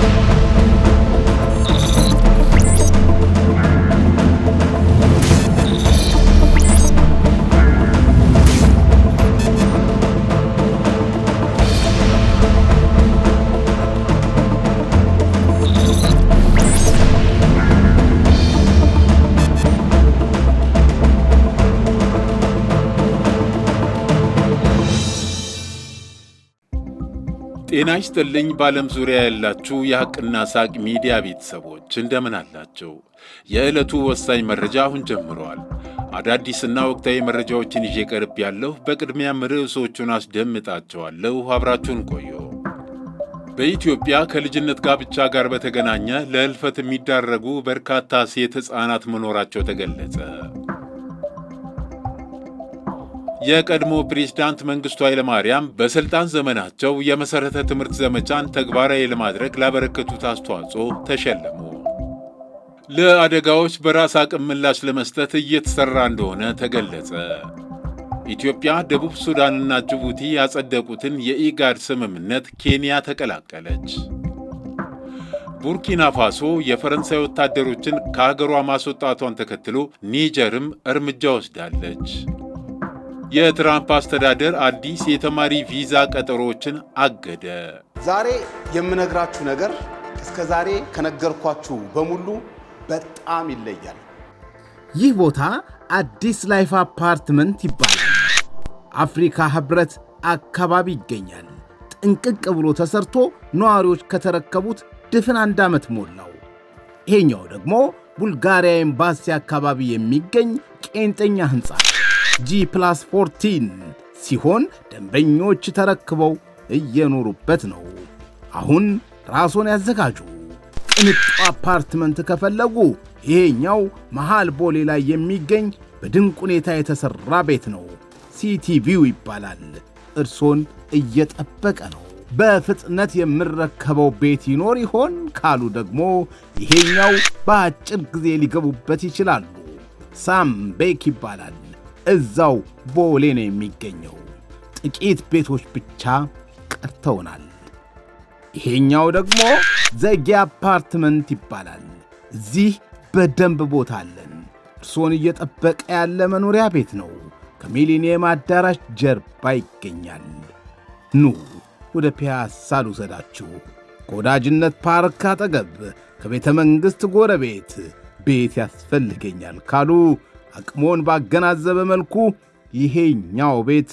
Thank you. ጤና ይስጥልኝ በዓለም ዙሪያ ያላችሁ የሐቅና ሳቅ ሚዲያ ቤተሰቦች እንደምን አላችሁ? የዕለቱ ወሳኝ መረጃ አሁን ጀምረዋል። አዳዲስና ወቅታዊ መረጃዎችን ይዤ ቀርብ ያለሁ። በቅድሚያም ርዕሶቹን አስደምጣቸዋለሁ። አብራችሁን ቆዩ። በኢትዮጵያ ከልጅነት ጋብቻ ጋር በተገናኘ ለህልፈት የሚዳረጉ በርካታ ሴት ሕፃናት መኖራቸው ተገለጸ። የቀድሞ ፕሬዝዳንት መንግስቱ ኃይለማርያም በስልጣን ዘመናቸው የመሠረተ ትምህርት ዘመቻን ተግባራዊ ለማድረግ ላበረከቱት አስተዋጽኦ ተሸለሙ። ለአደጋዎች በራስ አቅም ምላሽ ለመስጠት እየተሠራ እንደሆነ ተገለጸ። ኢትዮጵያ፣ ደቡብ ሱዳንና ጅቡቲ ያጸደቁትን የኢጋድ ስምምነት ኬንያ ተቀላቀለች። ቡርኪና ፋሶ የፈረንሳይ ወታደሮችን ከሀገሯ ማስወጣቷን ተከትሎ ኒጀርም እርምጃ ወስዳለች። የትራምፕ አስተዳደር አዲስ የተማሪ ቪዛ ቀጠሮዎችን አገደ። ዛሬ የምነግራችሁ ነገር እስከ ዛሬ ከነገርኳችሁ በሙሉ በጣም ይለያል። ይህ ቦታ አዲስ ላይፍ አፓርትመንት ይባላል። አፍሪካ ህብረት አካባቢ ይገኛል። ጥንቅቅ ብሎ ተሰርቶ ነዋሪዎች ከተረከቡት ድፍን አንድ ዓመት ሞላው። ይሄኛው ደግሞ ቡልጋሪያ ኤምባሲ አካባቢ የሚገኝ ቄንጠኛ ሕንፃ ጂ ፕላስ 14 ሲሆን ደንበኞች ተረክበው እየኖሩበት ነው። አሁን ራስዎን ያዘጋጁ። ቅንጡ አፓርትመንት ከፈለጉ ይሄኛው መሃል ቦሌ ላይ የሚገኝ በድንቅ ሁኔታ የተሠራ ቤት ነው። ሲቲቪው ይባላል። እርሶን እየጠበቀ ነው። በፍጥነት የምረከበው ቤት ይኖር ይሆን ካሉ ደግሞ ይሄኛው በአጭር ጊዜ ሊገቡበት ይችላሉ። ሳም ቤክ ይባላል። እዛው ቦሌ ነው የሚገኘው። ጥቂት ቤቶች ብቻ ቀርተውናል። ይሄኛው ደግሞ ዘጌ አፓርትመንት ይባላል። እዚህ በደንብ ቦታ አለን። እርሶን እየጠበቀ ያለ መኖሪያ ቤት ነው። ከሚሊኒየም አዳራሽ ጀርባ ይገኛል። ኑ ወደ ፒያሳ ልውሰዳችሁ። ከወዳጅነት ፓርክ አጠገብ ከቤተ መንግሥት ጎረቤት ቤት ያስፈልገኛል ካሉ አቅሞን ባገናዘበ መልኩ ይሄኛው ቤት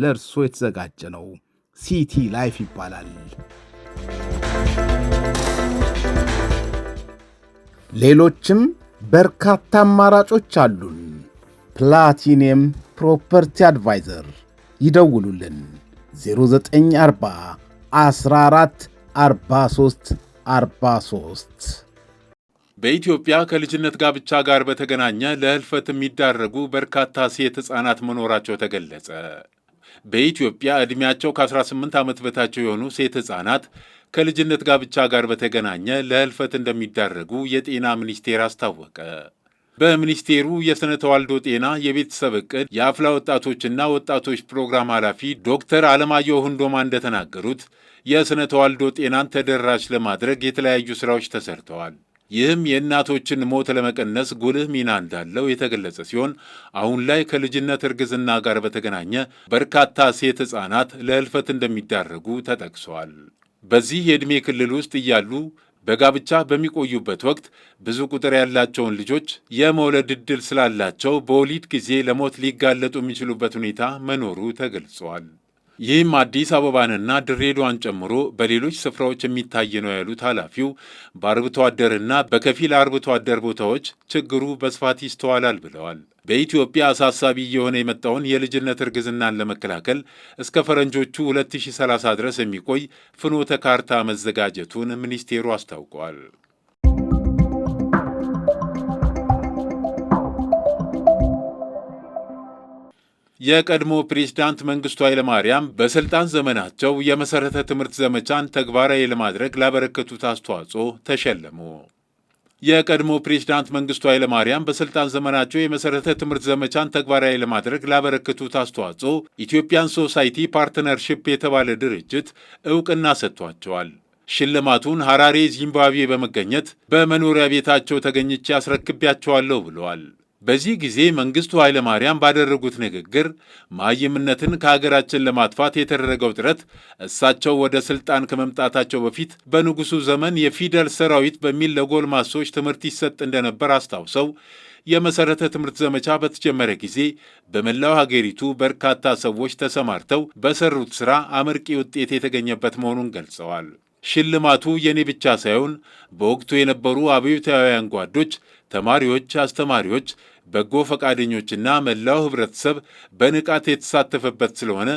ለእርሶ የተዘጋጀ ነው። ሲቲ ላይፍ ይባላል። ሌሎችም በርካታ አማራጮች አሉን። ፕላቲኒየም ፕሮፐርቲ አድቫይዘር ይደውሉልን 0940 14 43 43 በኢትዮጵያ ከልጅነት ጋብቻ ጋር በተገናኘ ለህልፈት የሚዳረጉ በርካታ ሴት ሕፃናት መኖራቸው ተገለጸ። በኢትዮጵያ ዕድሜያቸው ከ18 ዓመት በታቸው የሆኑ ሴት ሕፃናት ከልጅነት ጋብቻ ጋር በተገናኘ ለህልፈት እንደሚዳረጉ የጤና ሚኒስቴር አስታወቀ። በሚኒስቴሩ የሥነ ተዋልዶ ጤና የቤተሰብ ዕቅድ የአፍላ ወጣቶችና ወጣቶች ፕሮግራም ኃላፊ ዶክተር አለማየሁ ሁንዶማ እንደተናገሩት የሥነ ተዋልዶ ጤናን ተደራሽ ለማድረግ የተለያዩ ሥራዎች ተሰርተዋል። ይህም የእናቶችን ሞት ለመቀነስ ጉልህ ሚና እንዳለው የተገለጸ ሲሆን አሁን ላይ ከልጅነት እርግዝና ጋር በተገናኘ በርካታ ሴት ሕፃናት ለህልፈት እንደሚዳረጉ ተጠቅሷል። በዚህ የዕድሜ ክልል ውስጥ እያሉ በጋብቻ በሚቆዩበት ወቅት ብዙ ቁጥር ያላቸውን ልጆች የመውለድ ዕድል ስላላቸው በወሊድ ጊዜ ለሞት ሊጋለጡ የሚችሉበት ሁኔታ መኖሩ ተገልጿል። ይህም አዲስ አበባንና ድሬዳዋን ጨምሮ በሌሎች ስፍራዎች የሚታይ ነው ያሉት ኃላፊው በአርብቶ አደርና በከፊል አርብቶ አደር ቦታዎች ችግሩ በስፋት ይስተዋላል ብለዋል። በኢትዮጵያ አሳሳቢ እየሆነ የመጣውን የልጅነት እርግዝናን ለመከላከል እስከ ፈረንጆቹ 2030 ድረስ የሚቆይ ፍኖተ ካርታ መዘጋጀቱን ሚኒስቴሩ አስታውቋል። የቀድሞ ፕሬዝዳንት መንግስቱ ኃይለማርያም በስልጣን ዘመናቸው የመሰረተ ትምህርት ዘመቻን ተግባራዊ ለማድረግ ላበረከቱት አስተዋጽኦ ተሸለሙ። የቀድሞ ፕሬዝዳንት መንግስቱ ኃይለማርያም በስልጣን ዘመናቸው የመሰረተ ትምህርት ዘመቻን ተግባራዊ ለማድረግ ላበረከቱት አስተዋጽኦ ኢትዮጵያን ሶሳይቲ ፓርትነርሺፕ የተባለ ድርጅት እውቅና ሰጥቷቸዋል። ሽልማቱን ሐራሬ ዚምባብዌ በመገኘት በመኖሪያ ቤታቸው ተገኝቼ አስረክቢያቸዋለሁ ብለዋል። በዚህ ጊዜ መንግስቱ ኃይለ ማርያም ባደረጉት ንግግር ማይምነትን ከሀገራችን ለማጥፋት የተደረገው ጥረት እሳቸው ወደ ስልጣን ከመምጣታቸው በፊት በንጉሱ ዘመን የፊደል ሰራዊት በሚል ለጎልማሶች ትምህርት ይሰጥ እንደነበር አስታውሰው የመሠረተ ትምህርት ዘመቻ በተጀመረ ጊዜ በመላው ሀገሪቱ በርካታ ሰዎች ተሰማርተው በሰሩት ሥራ አመርቂ ውጤት የተገኘበት መሆኑን ገልጸዋል። ሽልማቱ የኔ ብቻ ሳይሆን በወቅቱ የነበሩ አብዮታውያን ጓዶች፣ ተማሪዎች፣ አስተማሪዎች በጎ ፈቃደኞችና መላው ህብረተሰብ በንቃት የተሳተፈበት ስለሆነ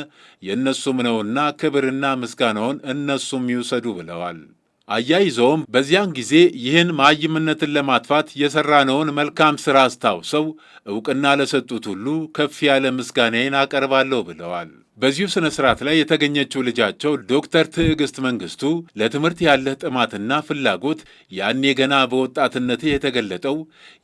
የእነሱም ነውና ክብርና ምስጋናውን እነሱም ይውሰዱ ብለዋል። አያይዘውም በዚያን ጊዜ ይህን ማይምነትን ለማጥፋት የሠራነውን መልካም ሥራ አስታውሰው ዕውቅና ለሰጡት ሁሉ ከፍ ያለ ምስጋናዬን አቀርባለሁ ብለዋል። በዚሁ ሥነ ሥርዓት ላይ የተገኘችው ልጃቸው ዶክተር ትዕግስት መንግስቱ ለትምህርት ያለህ ጥማትና ፍላጎት ያኔ ገና በወጣትነትህ የተገለጠው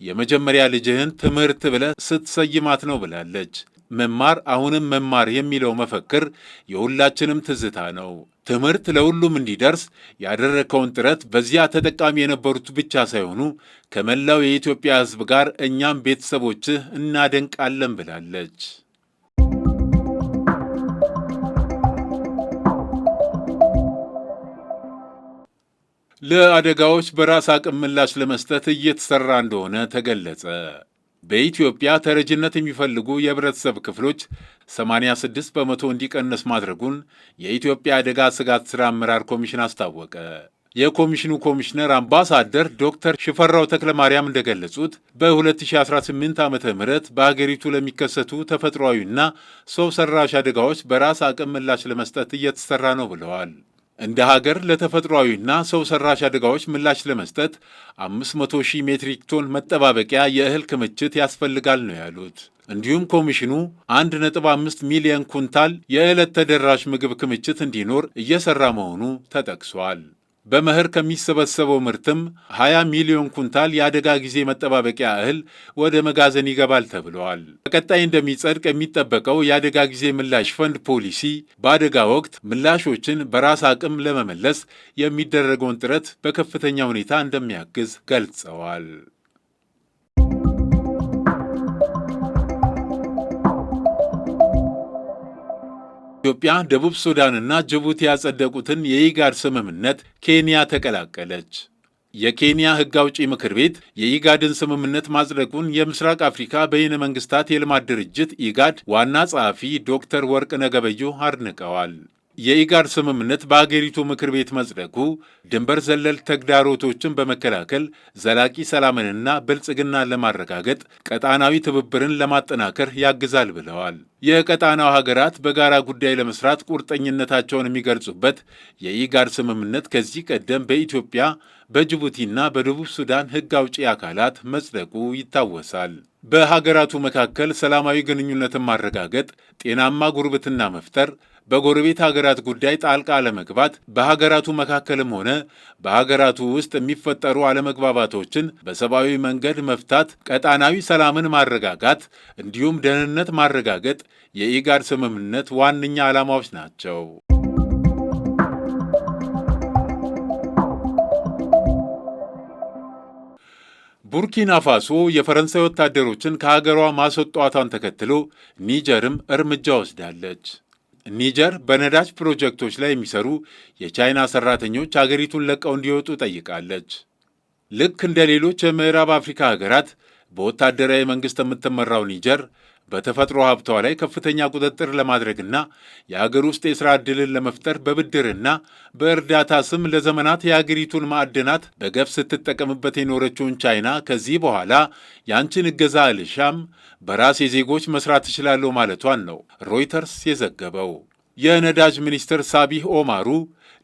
የመጀመሪያ ልጅህን ትምህርት ብለህ ስትሰይማት ነው ብላለች። መማር አሁንም መማር የሚለው መፈክር የሁላችንም ትዝታ ነው። ትምህርት ለሁሉም እንዲደርስ ያደረከውን ጥረት በዚያ ተጠቃሚ የነበሩት ብቻ ሳይሆኑ ከመላው የኢትዮጵያ ሕዝብ ጋር እኛም ቤተሰቦችህ እናደንቃለን ብላለች። ለአደጋዎች በራስ አቅም ምላሽ ለመስጠት እየተሰራ እንደሆነ ተገለጸ። በኢትዮጵያ ተረጅነት የሚፈልጉ የህብረተሰብ ክፍሎች 86 በመቶ እንዲቀንስ ማድረጉን የኢትዮጵያ አደጋ ስጋት ሥራ አመራር ኮሚሽን አስታወቀ። የኮሚሽኑ ኮሚሽነር አምባሳደር ዶክተር ሽፈራው ተክለ ማርያም እንደገለጹት በ2018 ዓ ም በሀገሪቱ ለሚከሰቱ ተፈጥሯዊና ሰው ሰራሽ አደጋዎች በራስ አቅም ምላሽ ለመስጠት እየተሰራ ነው ብለዋል። እንደ ሀገር ለተፈጥሯዊና ሰው ሰራሽ አደጋዎች ምላሽ ለመስጠት 500 ሺህ ሜትሪክ ቶን መጠባበቂያ የእህል ክምችት ያስፈልጋል ነው ያሉት። እንዲሁም ኮሚሽኑ 1.5 ሚሊዮን ኩንታል የዕለት ተደራሽ ምግብ ክምችት እንዲኖር እየሰራ መሆኑ ተጠቅሷል። በመኸር ከሚሰበሰበው ምርትም 20 ሚሊዮን ኩንታል የአደጋ ጊዜ መጠባበቂያ እህል ወደ መጋዘን ይገባል ተብለዋል። በቀጣይ እንደሚጸድቅ የሚጠበቀው የአደጋ ጊዜ ምላሽ ፈንድ ፖሊሲ በአደጋ ወቅት ምላሾችን በራስ አቅም ለመመለስ የሚደረገውን ጥረት በከፍተኛ ሁኔታ እንደሚያግዝ ገልጸዋል። ኢትዮጵያ፣ ደቡብ ሱዳንና ጅቡቲ ያጸደቁትን የኢጋድ ስምምነት ኬንያ ተቀላቀለች። የኬንያ ሕግ አውጪ ምክር ቤት የኢጋድን ስምምነት ማጽደቁን የምስራቅ አፍሪካ በይነ መንግስታት የልማት ድርጅት ኢጋድ ዋና ጸሐፊ ዶክተር ወርቅነህ ገበየሁ አድንቀዋል። የኢጋድ ስምምነት በአገሪቱ ምክር ቤት መጽደቁ ድንበር ዘለል ተግዳሮቶችን በመከላከል ዘላቂ ሰላምንና ብልጽግናን ለማረጋገጥ ቀጣናዊ ትብብርን ለማጠናከር ያግዛል ብለዋል። የቀጣናው ሀገራት በጋራ ጉዳይ ለመስራት ቁርጠኝነታቸውን የሚገልጹበት የኢጋድ ስምምነት ከዚህ ቀደም በኢትዮጵያ በጅቡቲና በደቡብ ሱዳን ሕግ አውጪ አካላት መጽደቁ ይታወሳል። በሀገራቱ መካከል ሰላማዊ ግንኙነትን ማረጋገጥ፣ ጤናማ ጉርብትና መፍጠር በጎረቤት ሀገራት ጉዳይ ጣልቃ አለመግባት፣ በሀገራቱ መካከልም ሆነ በሀገራቱ ውስጥ የሚፈጠሩ አለመግባባቶችን በሰብአዊ መንገድ መፍታት፣ ቀጣናዊ ሰላምን ማረጋጋት እንዲሁም ደህንነት ማረጋገጥ የኢጋድ ስምምነት ዋነኛ ዓላማዎች ናቸው። ቡርኪና ፋሶ የፈረንሳይ ወታደሮችን ከሀገሯ ማስወጣቷን ተከትሎ ኒጀርም እርምጃ ወስዳለች። ኒጀር በነዳጅ ፕሮጀክቶች ላይ የሚሰሩ የቻይና ሰራተኞች አገሪቱን ለቀው እንዲወጡ ጠይቃለች። ልክ እንደ ሌሎች የምዕራብ አፍሪካ ሀገራት በወታደራዊ መንግሥት የምትመራው ኒጀር በተፈጥሮ ሀብቷ ላይ ከፍተኛ ቁጥጥር ለማድረግና የአገር ውስጥ የሥራ ዕድልን ለመፍጠር በብድርና በእርዳታ ስም ለዘመናት የአገሪቱን ማዕድናት በገፍ ስትጠቀምበት የኖረችውን ቻይና ከዚህ በኋላ ያንቺን እገዛ ልሻም በራሴ ዜጎች መስራት ትችላለሁ ማለቷን ነው ሮይተርስ የዘገበው። የነዳጅ ሚኒስትር ሳቢህ ኦማሩ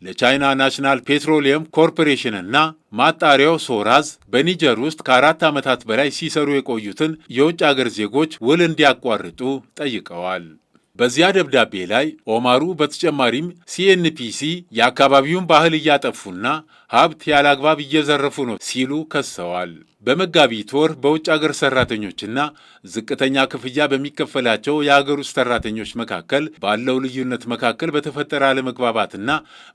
ለቻይና ናሽናል ፔትሮሊየም ኮርፖሬሽንና ማጣሪያው ሶራዝ በኒጀር ውስጥ ከአራት ዓመታት በላይ ሲሰሩ የቆዩትን የውጭ አገር ዜጎች ውል እንዲያቋርጡ ጠይቀዋል። በዚያ ደብዳቤ ላይ ኦማሩ በተጨማሪም ሲኤንፒሲ የአካባቢውን ባህል እያጠፉና ሀብት ያለ አግባብ እየዘረፉ ነው ሲሉ ከሰዋል። በመጋቢት ወር በውጭ አገር ሰራተኞችና ዝቅተኛ ክፍያ በሚከፈላቸው የአገር ውስጥ ሰራተኞች መካከል ባለው ልዩነት መካከል በተፈጠረ አለመግባባትና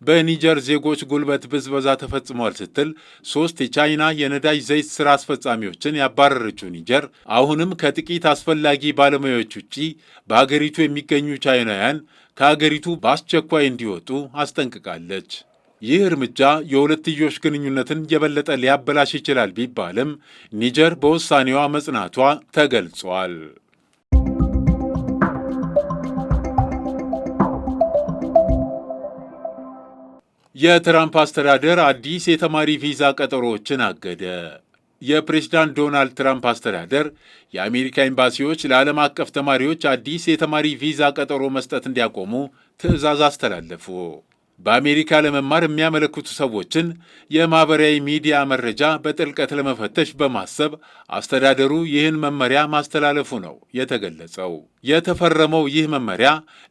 በኒጀር ዜጎች ጉልበት ብዝበዛ ተፈጽሟል ስትል ሶስት የቻይና የነዳጅ ዘይት ስራ አስፈጻሚዎችን ያባረረችው ኒጀር አሁንም ከጥቂት አስፈላጊ ባለሙያዎች ውጪ በሀገሪቱ የሚገኙ ቻይናውያን ከሀገሪቱ በአስቸኳይ እንዲወጡ አስጠንቅቃለች። ይህ እርምጃ የሁለትዮሽ ግንኙነትን የበለጠ ሊያበላሽ ይችላል ቢባልም ኒጀር በውሳኔዋ መጽናቷ ተገልጿል። የትራምፕ አስተዳደር አዲስ የተማሪ ቪዛ ቀጠሮዎችን አገደ። የፕሬዝዳንት ዶናልድ ትራምፕ አስተዳደር የአሜሪካ ኤምባሲዎች ለዓለም አቀፍ ተማሪዎች አዲስ የተማሪ ቪዛ ቀጠሮ መስጠት እንዲያቆሙ ትዕዛዝ አስተላለፉ። በአሜሪካ ለመማር የሚያመለክቱ ሰዎችን የማኅበራዊ ሚዲያ መረጃ በጥልቀት ለመፈተሽ በማሰብ አስተዳደሩ ይህን መመሪያ ማስተላለፉ ነው የተገለጸው። የተፈረመው ይህ መመሪያ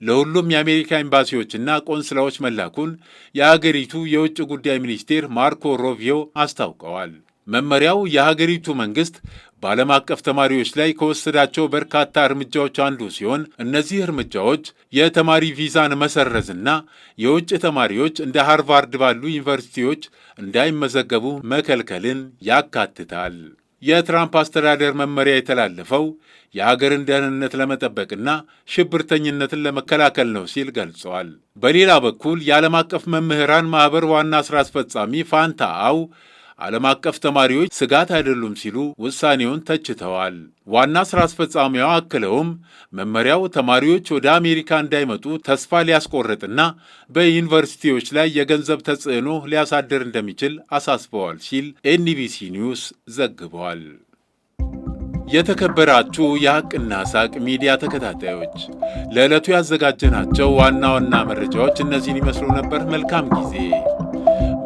ለሁሉም የአሜሪካ ኤምባሲዎችና ቆንስላዎች መላኩን የአገሪቱ የውጭ ጉዳይ ሚኒስቴር ማርኮ ሮቪዮ አስታውቀዋል። መመሪያው የሀገሪቱ መንግስት በዓለም አቀፍ ተማሪዎች ላይ ከወሰዳቸው በርካታ እርምጃዎች አንዱ ሲሆን እነዚህ እርምጃዎች የተማሪ ቪዛን መሰረዝና የውጭ ተማሪዎች እንደ ሃርቫርድ ባሉ ዩኒቨርሲቲዎች እንዳይመዘገቡ መከልከልን ያካትታል። የትራምፕ አስተዳደር መመሪያ የተላለፈው የሀገርን ደህንነት ለመጠበቅና ሽብርተኝነትን ለመከላከል ነው ሲል ገልጸዋል። በሌላ በኩል የዓለም አቀፍ መምህራን ማኅበር ዋና ሥራ አስፈጻሚ ፋንታ አው ዓለም አቀፍ ተማሪዎች ስጋት አይደሉም ሲሉ ውሳኔውን ተችተዋል። ዋና ሥራ አስፈጻሚዋ አክለውም መመሪያው ተማሪዎች ወደ አሜሪካ እንዳይመጡ ተስፋ ሊያስቆርጥና በዩኒቨርሲቲዎች ላይ የገንዘብ ተጽዕኖ ሊያሳድር እንደሚችል አሳስበዋል ሲል ኤንቢሲ ኒውስ ዘግበዋል። የተከበራችሁ የሐቅና ሳቅ ሚዲያ ተከታታዮች ለዕለቱ ያዘጋጀናቸው ዋና ዋና መረጃዎች እነዚህን ይመስሉ ነበር። መልካም ጊዜ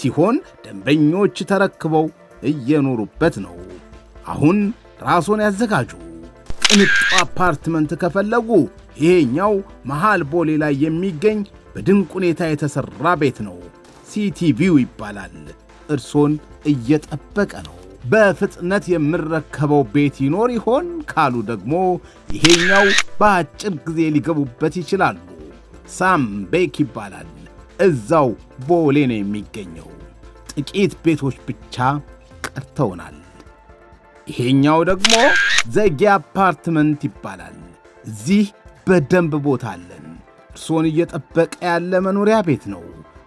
ሲሆን ደንበኞች ተረክበው እየኖሩበት ነው። አሁን ራስዎን ያዘጋጁ። ቅንጡ አፓርትመንት ከፈለጉ ይሄኛው መሃል ቦሌ ላይ የሚገኝ በድንቅ ሁኔታ የተሠራ ቤት ነው። ሲቲቪው ይባላል። እርሶን እየጠበቀ ነው። በፍጥነት የምረከበው ቤት ይኖር ይሆን ካሉ ደግሞ ይሄኛው በአጭር ጊዜ ሊገቡበት ይችላሉ። ሳም ቤክ ይባላል። እዛው ቦሌ ነው የሚገኘው። ጥቂት ቤቶች ብቻ ቀርተውናል። ይሄኛው ደግሞ ዘጌ አፓርትመንት ይባላል። እዚህ በደንብ ቦታ አለን። እርሶን እየጠበቀ ያለ መኖሪያ ቤት ነው።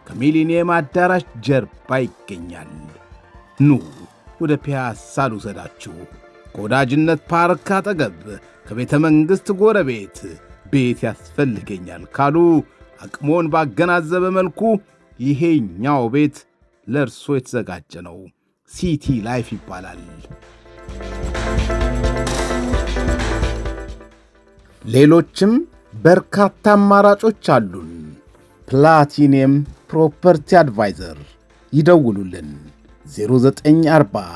ከሚሊኒየም አዳራሽ ጀርባ ይገኛል። ኑ ወደ ፒያሳ ልውሰዳችሁ። ከወዳጅነት ፓርክ አጠገብ ከቤተ መንግሥት ጎረቤት ቤት ያስፈልገኛል ካሉ አቅሞን ባገናዘበ መልኩ ይሄኛው ቤት ለእርሶ የተዘጋጀ ነው። ሲቲ ላይፍ ይባላል። ሌሎችም በርካታ አማራጮች አሉን። ፕላቲኒየም ፕሮፐርቲ አድቫይዘር ይደውሉልን 0940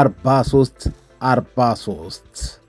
14 43 43